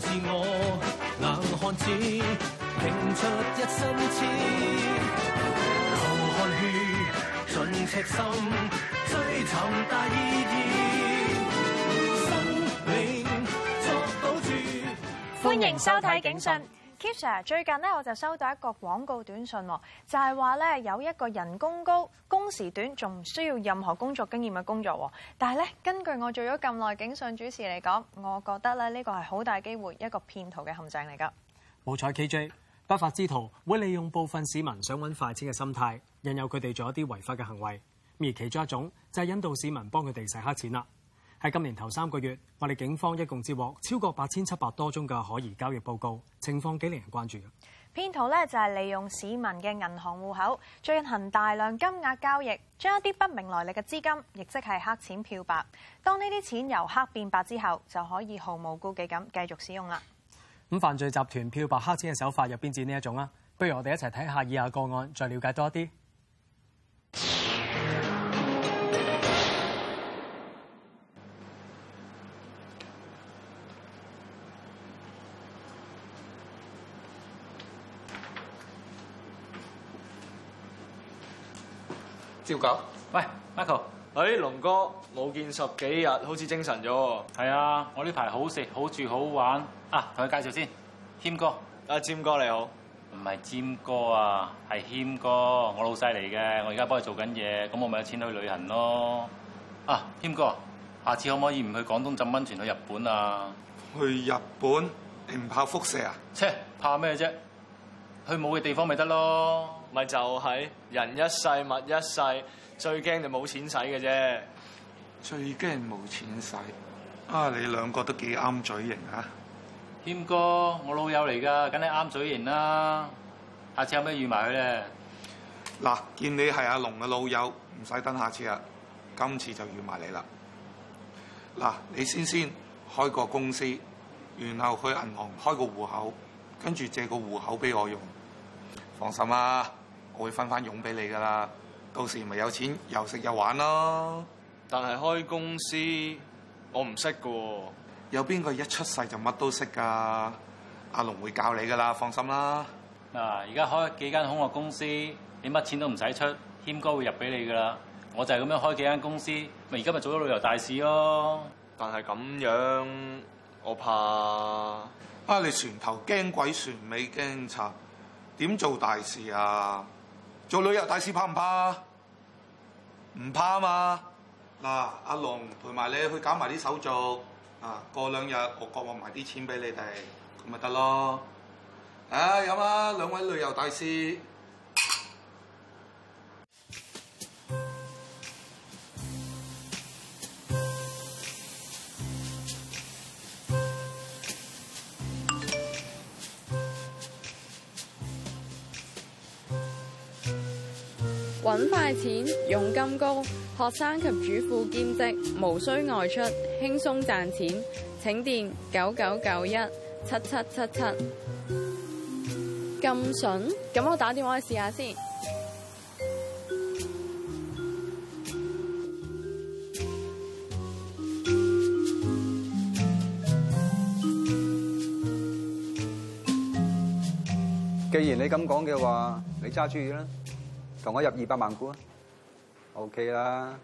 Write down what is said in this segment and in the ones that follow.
歡迎收睇《警訊》。Kisha 最近呢，我就收到一個廣告短信，就係話咧有一個人工高、工時短，仲唔需要任何工作經驗嘅工作。但係咧，根據我做咗咁耐警訊主持嚟講，我覺得咧呢個係好大機會一個騙徒嘅陷阱嚟㗎。冇錯 KJ 不法之徒會利用部分市民想揾快錢嘅心態，引誘佢哋做一啲違法嘅行為。而其中一種就係引導市民幫佢哋洗黑錢啦。喺今年頭三個月，我哋警方一共接獲超過八千七百多宗嘅可疑交易報告，情況幾令人關注嘅。騙徒咧就係、是、利用市民嘅銀行戶口，進行大量金額交易，將一啲不明來歷嘅資金，亦即係黑錢漂白。當呢啲錢由黑變白之後，就可以毫無顧忌咁繼續使用啦。咁犯罪集團漂白黑錢嘅手法有邊幾種呢？不如我哋一齊睇下以下個案，再了解多啲。喂，Michael，哎，龍哥冇見十幾日，好似精神咗喎。係啊，我呢排好食好住好玩，啊，同佢介紹先，謙哥，啊，謙哥你好，唔係謙哥啊，係謙哥，我老細嚟嘅，我而家幫佢做緊嘢，咁我咪有錢去旅行咯。啊，謙哥，下次可唔可以唔去廣東浸溫泉，去日本啊？去日本？你唔怕輻射啊？切，怕咩啫？去冇嘅地方咪得咯？咪就係、是、人一世物一世，最驚就冇錢使嘅啫。最驚冇錢使啊！你兩個都幾啱嘴型啊！謙哥，我老友嚟㗎，梗係啱嘴型啦、啊。下次有咩預埋佢咧？嗱，見你係阿龍嘅老友，唔使等下次啊。今次就預埋你啦。嗱，你先先開個公司，然後去銀行開個戶口，跟住借個戶口俾我用，放心啊！我會分翻傭俾你噶啦，到時咪有錢又食又玩咯。但係開公司我唔識噶喎，有邊個一出世就乜都識噶？阿龍會教你噶啦，放心啦。嗱、啊，而家開幾間空殼公司，你乜錢都唔使出，軒哥會入俾你噶啦。我就係咁樣開幾間公司，咪而家咪做咗旅遊大使咯。但係咁樣，我怕啊！你船頭驚鬼，船尾驚賊，點做大事啊？做旅遊大使，怕唔怕？唔怕啊嘛！嗱、啊，阿龍陪埋你去搞埋啲手續啊，過兩日我割我埋啲錢俾你哋，咁咪得咯。哎有啊，兩位旅遊大使。搵快錢，佣金高，學生及主婦兼職，無需外出，輕鬆賺錢，請電九九九一七七七七。咁筍，咁我打電話去試下先。既然你咁講嘅話，你揸主意啦。同我入二百萬股 okay 啊，OK 啦。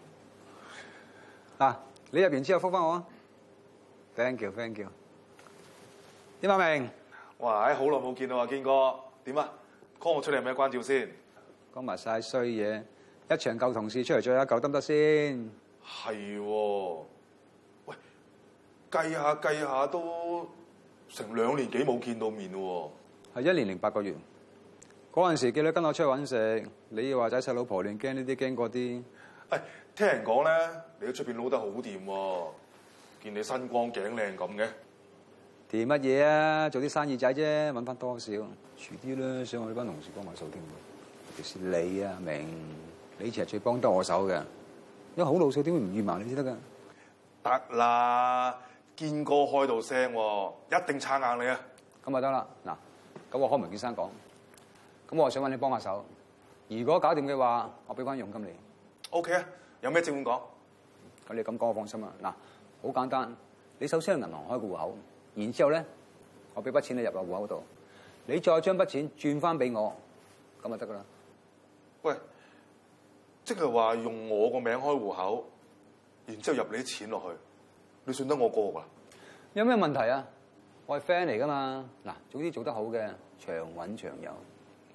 嗱，你入完之後覆返我啊。Thank you, thank you。點解明。哇！唉，好耐冇見到啊，堅哥，點啊？call 我出嚟有咩關照先？講埋晒衰嘢，一場舊同事出嚟聚下，夠得唔得先？係喎，啊。喂，計下計下都成兩年幾冇見到面咯喎。係一年零八個月。嗰陣時，幾女跟我出去揾食，你要話仔細老婆亂，連驚呢啲驚嗰啲。誒、哎，聽人講咧，你喺出邊撈得好掂喎，見你身光頸靚咁嘅。掂乜嘢啊？做啲生意仔啫，揾翻多少？儲啲啦，想我呢班同事幫埋手添。尤其是你啊，明，你似係最幫得我手嘅，因為好老實，點會唔預埋你先得㗎？得啦，健哥開到聲，一定撐硬你啊！咁咪得啦。嗱，咁我開門見山講。咁我想搵你幫下手。如果搞掂嘅話，我俾翻佣金你。O K 啊，有咩證本講？咁你咁講，我放心啊。嗱，好簡單，你首先喺銀行開個戶口，然之後咧，我俾筆錢你入個戶口度，你再將筆錢轉翻俾我，咁就得噶啦。喂，即係話用我個名開戶口，然之後入你啲錢落去，你信得我過㗎？有咩問題啊？我係 friend 嚟㗎嘛。嗱，總之做得好嘅，長穩長有。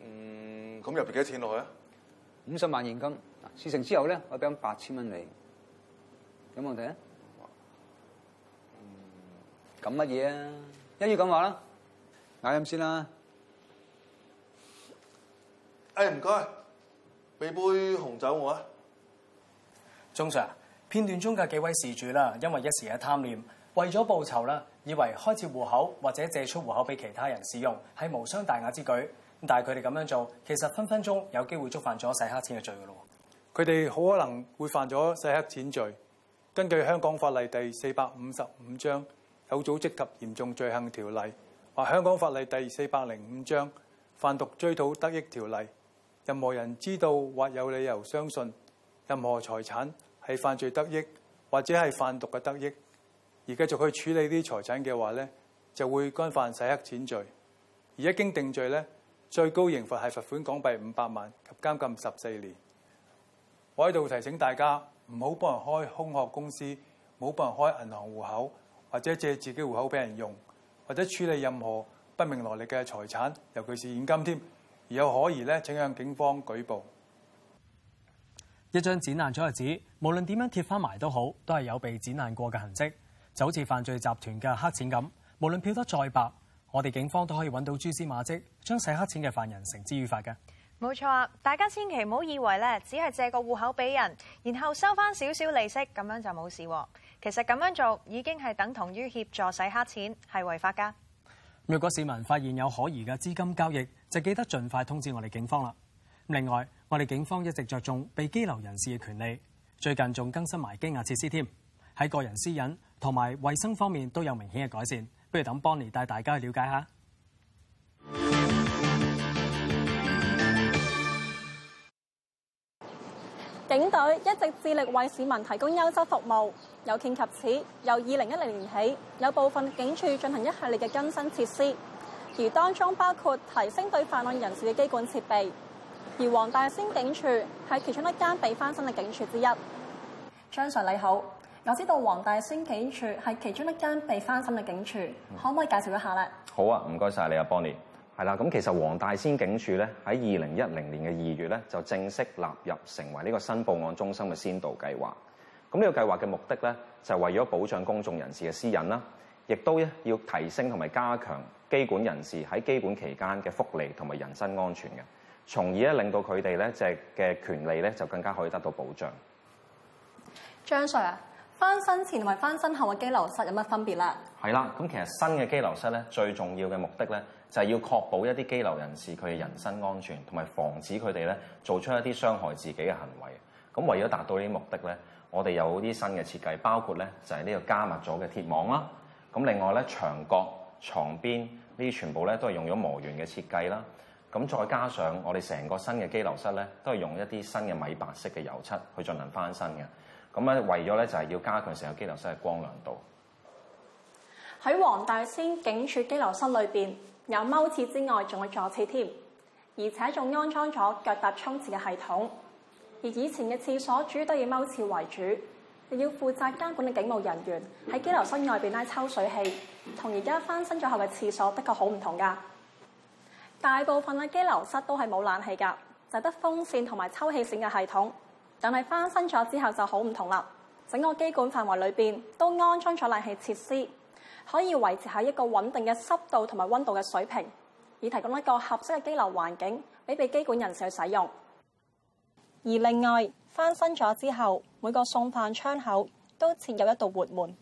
嗯，咁入邊幾多錢落去啊？五十萬現金。事成之後咧，我俾翻八千蚊你，有冇問題啊？咁乜嘢啊？嗯哎、一於咁話啦，飲杯先啦。誒，唔該，俾杯紅酒我啊。鍾 Sir 片段中嘅幾位事主啦，因為一時嘅貪念，為咗報酬啦，以為開設戶口或者借出戶口俾其他人使用，係無傷大雅之舉。但係佢哋咁樣做，其實分分鐘有機會觸犯咗洗黑錢嘅罪噶咯。佢哋好可能會犯咗洗黑錢罪。根據香港法例第四百五十五章《有組織及嚴重罪行條例》，或香港法例第四百零五章《販毒追討得益條例》，任何人知道或有理由相信任何財產係犯罪得益，或者係販毒嘅得益，而繼續去處理啲財產嘅話咧，就會干犯洗黑錢罪。而一經定罪咧，最高刑罰係罰款港幣五百萬及監禁十四年。我喺度提醒大家，唔好幫人開空殼公司，唔好幫人開銀行戶口，或者借自己戶口俾人用，或者處理任何不明來歷嘅財產，尤其是現金添。而有可疑咧，請向警方舉報。一張展覽咗嘅紙，無論點樣貼翻埋都好，都係有被展覽過嘅痕跡，就好似犯罪集團嘅黑錢咁。無論漂得再白，我哋警方都可以揾到蛛絲馬跡，將洗黑錢嘅犯人繩之於法嘅。冇錯啊！大家千祈唔好以為咧，只係借個戶口俾人，然後收翻少少利息，咁樣就冇事。其實咁樣做已經係等同於協助洗黑錢，係違法噶。如果市民發現有可疑嘅資金交易，就記得盡快通知我哋警方啦。另外，我哋警方一直着重被羈留人士嘅權利，最近仲更新埋羈押設施，添喺個人私隱同埋衞生方面都有明顯嘅改善。不如等邦尼帶帶大家去了解下。警隊一直致力為市民提供優質服務，有見及此，由二零一零年起，有部分警署進行一系列嘅更新設施，而當中包括提升對犯案人士嘅監管設備。而黃大仙警署係其中一間被翻新嘅警署之一。張 Sir，你好。我知道黃大仙警署係其中一間被翻新嘅警署，嗯、可唔可以介紹一下咧？好啊，唔該晒你啊，Bonnie。係啦，咁其實黃大仙警署咧，喺二零一零年嘅二月咧就正式納入成為呢個新報案中心嘅先導計劃。咁呢個計劃嘅目的咧就係、是、為咗保障公眾人士嘅私隱啦，亦都咧要提升同埋加強羈管人士喺羈管期間嘅福利同埋人身安全嘅，從而咧令到佢哋咧隻嘅權利咧就更加可以得到保障。張 Sir 啊！翻新前同埋翻新後嘅拘留室有乜分別咧？係啦，咁其實新嘅拘留室咧，最重要嘅目的咧，就係要確保一啲拘留人士佢嘅人身安全，同埋防止佢哋咧做出一啲傷害自己嘅行為。咁為咗達到呢啲目的咧，我哋有啲新嘅設計，包括咧就係呢個加密咗嘅鐵網啦。咁另外咧，牆角、牀邊呢啲全部咧都係用咗磨圓嘅設計啦。咁再加上我哋成個新嘅拘留室咧，都係用一啲新嘅米白色嘅油漆去進行翻新嘅。咁咧，為咗咧就係要加強成個拘留室嘅光亮度。喺黃大仙警署拘留室裏面，有踎廁之外，仲有坐廁添，而且仲安裝咗腳踏沖廁嘅系統。而以前嘅廁所主要都以踎廁為主，要負責監管嘅警務人員喺拘留室外邊拉抽水器，同而家翻新咗後嘅廁所，的確好唔同㗎。大部分嘅拘留室都係冇冷氣㗎，就得風扇同埋抽氣扇嘅系統。但係翻新咗之後就好唔同啦，整個羈管範圍裏邊都安裝咗冷氣設施，可以維持喺一個穩定嘅濕度同埋溫度嘅水平，以提供一個合適嘅羈留環境俾被羈管人士去使用。而另外翻新咗之後，每個送飯窗口都設有一道活門，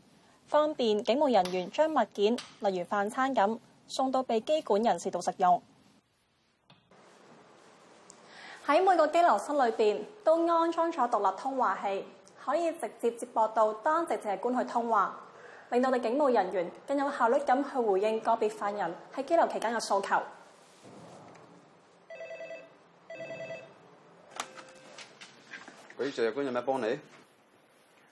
方便警務人員將物件例如飯餐咁送到被羈管人士度食用。喺每個拘留室裏邊都安裝咗獨立通話器，可以直接接駁到當值長官去通話，令到我哋警務人員更有效率咁去回應個別犯人喺拘留期間嘅訴求。佢長官有咩幫你？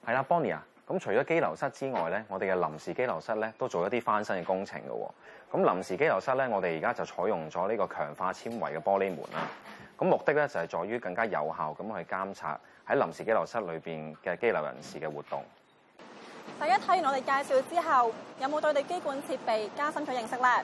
係啦，Bonnie 啊，咁除咗拘留室之外咧，我哋嘅臨時拘留室咧都做咗一啲翻新嘅工程嘅喎。咁臨時拘留室咧，我哋而家就採用咗呢個強化纖維嘅玻璃門啦。咁目的咧就係、是、在於更加有效咁去監察喺臨時羈留室裏邊嘅羈留人士嘅活動。大家睇完我哋介紹之後，有冇對地羈管設備加深咗認識咧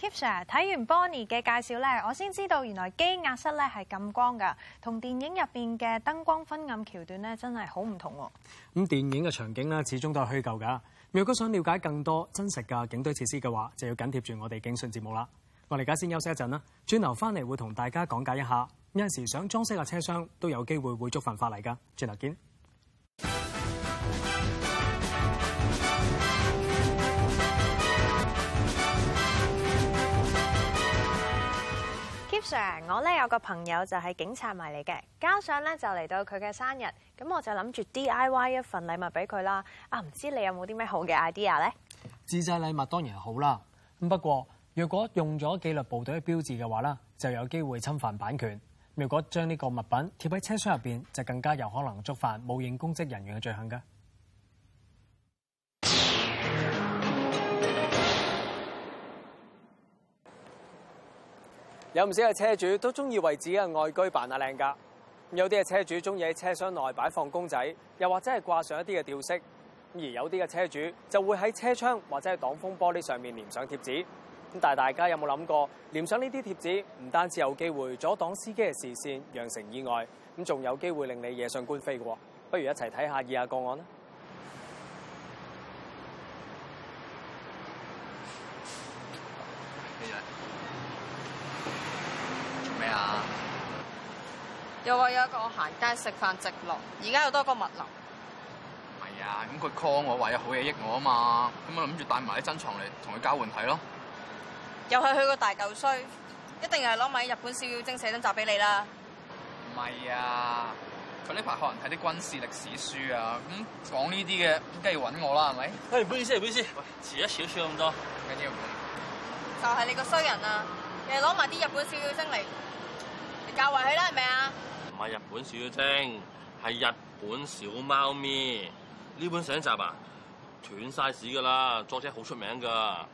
？Keep Sir，睇完 Bonnie 嘅介紹咧，我先知道原來羈押室咧係咁光噶，同電影入邊嘅燈光昏暗橋段咧真係好唔同喎。咁電影嘅場景咧始終都係虛構噶。如果想了解更多真實嘅警隊設施嘅話，就要緊貼住我哋警訊節目啦。我哋而家先休息一陣啦，轉頭翻嚟會同大家講解一下，有陣時想裝飾個車廂都有機會會觸犯法嚟噶。轉頭見。Keep Sir，我咧有個朋友就係警察迷嚟嘅，加上咧就嚟到佢嘅生日，咁我就諗住 DIY 一份禮物俾佢啦。啊，唔知你有冇啲咩好嘅 idea 咧？自製禮物當然好啦，不過。如果用咗紀律部隊嘅標誌嘅話呢，就有機會侵犯版權。如果將呢個物品貼喺車廂入邊，就更加有可能觸犯冒認公職人員嘅罪行㗎。噶有唔少嘅車主都中意為自己嘅外居扮下靚噶。有啲嘅車主中意喺車廂內擺放公仔，又或者係掛上一啲嘅吊飾。而有啲嘅車主就會喺車窗或者係擋風玻璃上面粘上貼紙。咁但係大家有冇諗過？聯上呢啲貼紙唔單止有機會阻擋司機嘅視線，釀成意外，咁仲有機會令你惹上官非嘅。不如一齊睇下以下個案啦。咩啊？又話有一個行街食飯直落，而家又多一個物流。係啊、哎，咁佢 call 我話有好嘢益我啊嘛，咁我諗住帶埋啲珍藏嚟同佢交換睇咯。又係去個大舊衰，一定係攞埋日本小妖精寫真集俾你啦。唔係啊，佢呢排可能睇啲軍事歷史書啊，咁講呢啲嘅，梗係揾我啦，係咪？哎，唔好意思，唔好意思，喂，遲咗少少咁多，緊要。就係你個衰人啊！你攞埋啲日本小妖精嚟，你教壞佢啦，係咪啊？唔係日本小妖精，係日本小貓咪。呢本寫真集啊，斷晒市噶啦，作者好出名噶。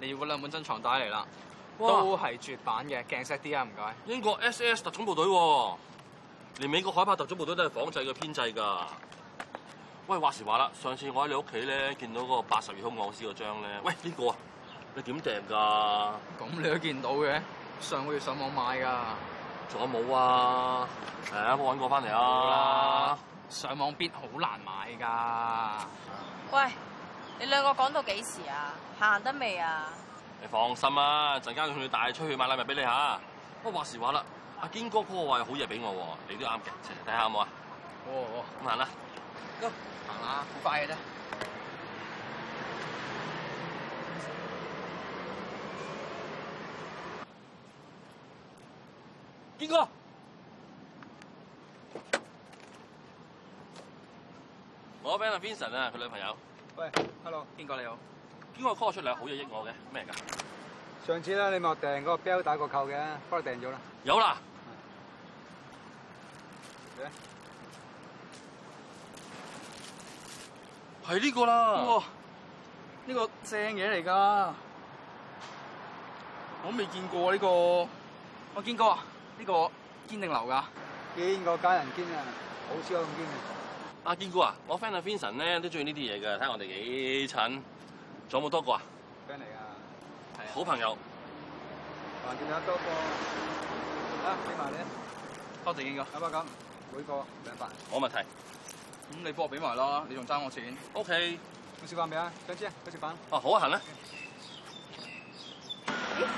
你要嗰兩本珍藏帶嚟啦，都係絕版嘅哇鏡石啲啊，唔該。英國 S.S. 特種部隊喎、啊，連美國海豹特種部隊都係仿製嘅編製㗎。喂，話時話啦，上次我喺你屋企咧見到個個八十二空降師嗰張咧，喂呢、邊個啊，你點訂㗎？咁你都見到嘅，上個月上網買㗎。仲有冇啊？係啊，冇揾過過翻嚟啊。上網必好難買㗎。喂。你兩個講到幾時啊？行得未啊？你放心啊，陣間我同你帶出去買禮物俾你吓。不過話時話啦，阿堅哥哥話有好嘢俾我，你都啱嘅。睇下有冇啊？哦哦，咁行啦，行啦，好快嘅啫。堅哥，我 friend 阿 Vincent 啊，佢女朋友。喂，Hello，堅哥你好，堅哥 call 出嚟好嘢益我嘅，咩嚟噶？上次咧，你咪我訂嗰個表打個扣嘅，幫你訂咗啦。有啦。係呢個啦。哇，呢個正嘢嚟噶，我未見過呢個。我堅哥啊，呢個堅定流噶。堅哥家人堅啊，好少有咁堅。阿、啊、堅哥啊，我 friend 阿 Vincent 咧都中意呢啲嘢噶，睇下我哋幾襯，仲有冇多個啊？friend 嚟噶，朋啊、好朋友。還見有多個啊？俾埋你，多幾個？一百金每個兩百，冇問題。咁你波俾埋咯，你仲爭我錢？OK，食飯未啊？張知啊，去食飯。哦、啊，好啊，行啦、啊。咦、啊？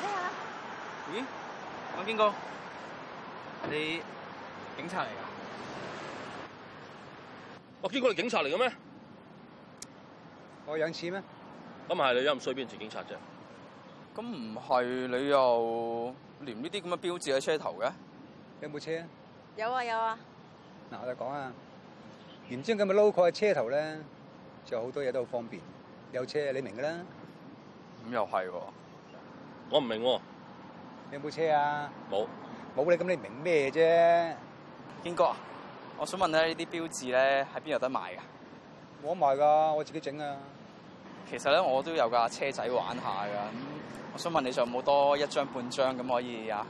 睇、啊、下。咦？阿堅哥，你警察嚟噶。我呢個係警察嚟嘅咩？我有錢咩？咁係你，你，你有唔需要邊人做警察啫？咁唔係你又連呢啲咁嘅標誌喺車頭嘅？有冇、啊、車？有啊有啊。嗱我哋講啊，唔知咁嘅 logo 喺車頭咧，仲有好多嘢都好方便。有車你明嘅啦。咁又係、啊，我唔明、啊。你有冇車啊？冇沒。冇你咁你明咩啫？堅哥啊！我想問咧，呢啲標誌咧喺邊度得賣噶？冇賣噶，我自己整啊。其實咧，我都有架車仔玩下噶。我想問你仲有冇多一張半張咁可以啊？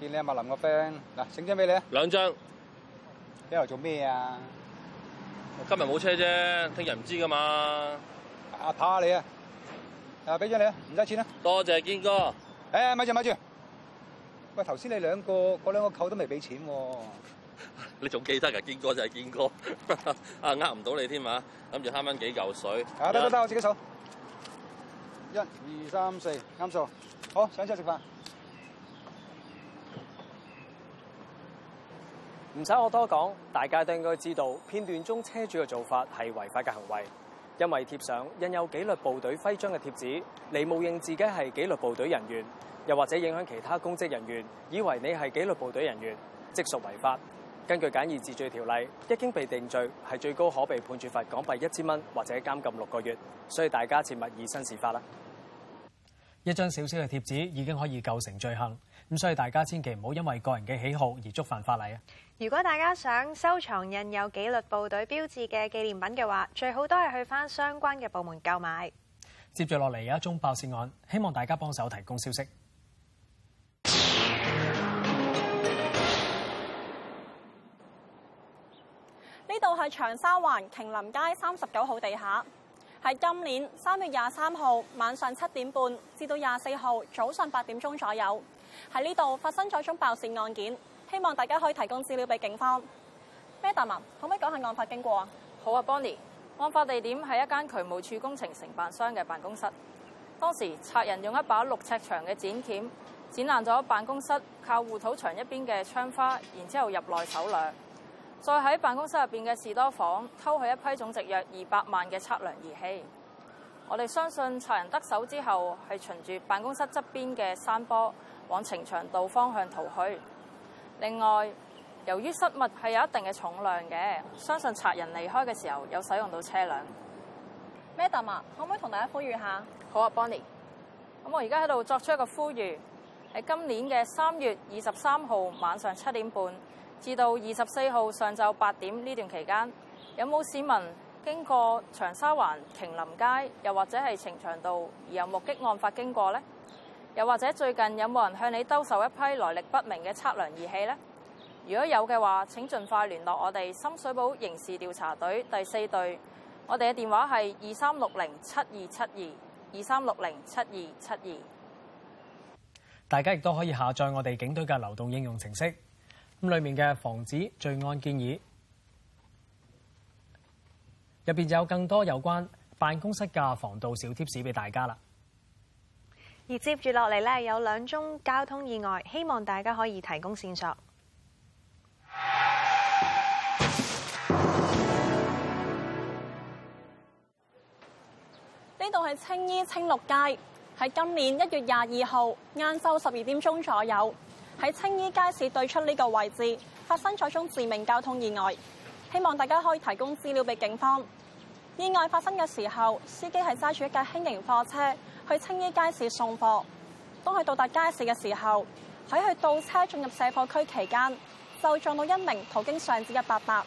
見你阿麥林個 friend，嗱，整張俾你啊。兩張。你度做咩啊？我今日冇車啫，聽日唔知噶嘛。阿怕你啊！啊，俾張你啊，唔使錢啊。多謝堅哥。誒，咪住咪住。喂，頭先你兩個嗰兩個扣都未俾錢，啊，你仲記得噶？堅哥就係堅哥， 啊，呃唔到你添嘛？諗住慳翻幾嚿水。啊行，得得得，我自己數，一、二、三、四，啱數。好，上車食飯。唔使我多講，大家都應該知道，片段中車主嘅做法係違法嘅行為，因為貼上印有紀律部隊徽章嘅貼紙，嚟冒認自己係紀律部隊人員。又或者影響其他公職人員，以為你係紀律部隊人員，即屬違法。根據簡易治罪條例，一經被定罪，係最高可被判處罰港幣一千蚊或者監禁六個月。所以大家切勿以身試法啦！一張小小嘅貼紙已經可以構成罪行，咁所以大家千祈唔好因為個人嘅喜好而觸犯法例啊！如果大家想收藏印有紀律部隊標誌嘅紀念品嘅話，最好都係去翻相關嘅部門購買。接住落嚟有一宗爆竊案，希望大家幫手提供消息。長沙灣瓊林街三十九號地下，喺今年三月廿三號晚上七點半至到廿四號早上八點鐘左右，喺呢度發生咗一宗爆竊案件，希望大家可以提供資料俾警方。Madam，可唔可以講下案發經過啊？好啊，Bonnie，案發地點係一間渠務署工程，程承辦商嘅辦公室，當時賊人用一把六尺長嘅剪鉗剪爛咗辦公室靠護土牆一邊嘅窗花，然之後入內搜掠。再喺辦公室入邊嘅士多房偷去一批總值約二百萬嘅測量儀器。我哋相信賊人得手之後係循住辦公室側邊嘅山坡往呈祥道方向逃去。另外，由於失物係有一定嘅重量嘅，相信賊人離開嘅時候有使用到車輛。Madam，可唔可以同大家呼籲下？好啊，Bonnie。咁我而家喺度作出一個呼籲，喺今年嘅三月二十三號晚上七點半。至到二十四號上晝八點呢段期間，有冇市民經過長沙灣、瓊林街，又或者係呈祥道而有目擊案發經過呢？又或者最近有冇人向你兜售一批來歷不明嘅測量儀器呢？如果有嘅話，請盡快聯絡我哋深水埗刑事調查隊第四隊，我哋嘅電話係二三六零七二七二二三六零七二七二。2, 大家亦都可以下載我哋警隊嘅流動應用程式。咁裏面嘅防止罪案建議，入邊有更多有關辦公室嘅防盜小貼士俾大家啦。而接住落嚟呢，有兩宗交通意外，希望大家可以提供線索。呢度係青衣青綠街，喺今年一月廿二號晏晝十二點鐘左右。喺青衣街市對出呢個位置發生咗宗致命交通意外，希望大家可以提供資料俾警方。意外發生嘅時候，司機係揸住一架輕型貨車去青衣街市送貨。當佢到達街市嘅時候，喺佢倒車進入卸貨區期間，就撞到一名途經上址嘅伯伯。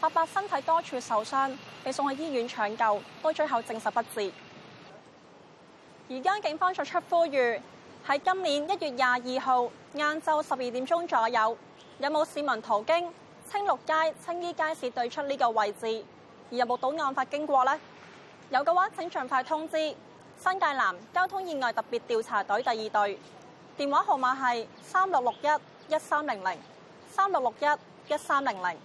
伯伯身體多處受傷，被送去醫院搶救，到最後證實不治。而家警方作出呼籲。喺今年一月廿二號晏晝十二點鐘左右，有冇市民途經青綠街、青衣街市對出呢個位置？而有冇目睹案發經過呢？有嘅話，請盡快通知新界南交通意外特別調查隊第二隊，電話號碼係三六六一一三零零三六六一一三零零。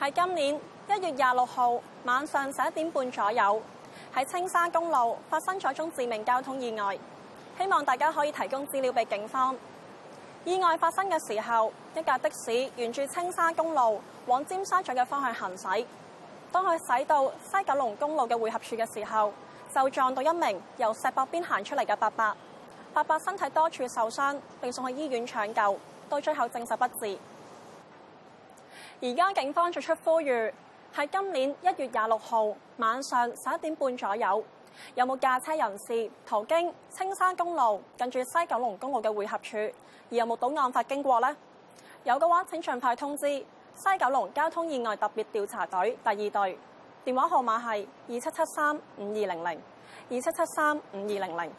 喺今年。一月廿六號晚上十一點半左右，喺青山公路發生咗宗致命交通意外。希望大家可以提供資料俾警方。意外發生嘅時候，一架的士沿住青山公路往尖沙咀嘅方向行駛。當佢駛到西九龍公路嘅匯合處嘅時候，就撞到一名由石壁邊行出嚟嘅伯伯。伯伯身體多處受傷，並送去醫院搶救，到最後證實不治。而家警方作出呼籲。喺今年一月廿六號晚上十一點半左右，有冇駕車人士途經青山公路近住西九龍公路嘅匯合處？而有冇到案發經過呢？有嘅話，請盡快通知西九龍交通意外特別調查隊第二隊，電話號碼係二七七三五二零零二七七三五二零零。200，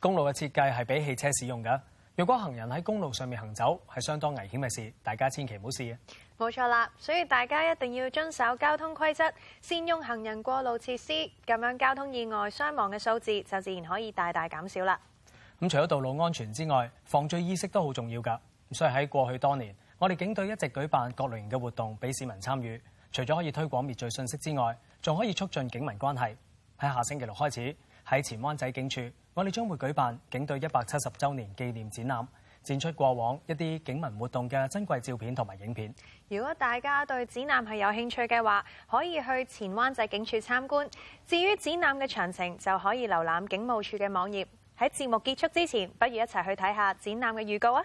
公路嘅設計係俾汽車使用噶，若果行人喺公路上面行走，係相當危險嘅事，大家千祈唔好試。冇錯啦，所以大家一定要遵守交通規則，先用行人過路設施，咁樣交通意外傷亡嘅數字就自然可以大大減少啦。咁、嗯、除咗道路安全之外，防罪意識都好重要㗎。所以喺過去多年，我哋警隊一直舉辦各類型嘅活動俾市民參與，除咗可以推廣滅罪信息之外，仲可以促進警民關係。喺下星期六開始，喺前灣仔警署，我哋將會舉辦警隊一百七十周年紀念展覽。展出過往一啲警民活動嘅珍貴照片同埋影片。如果大家對展覽係有興趣嘅話，可以去前灣仔警署參觀。至於展覽嘅詳情，就可以瀏覽警務處嘅網頁。喺節目結束之前，不如一齊去睇下展覽嘅預告啊！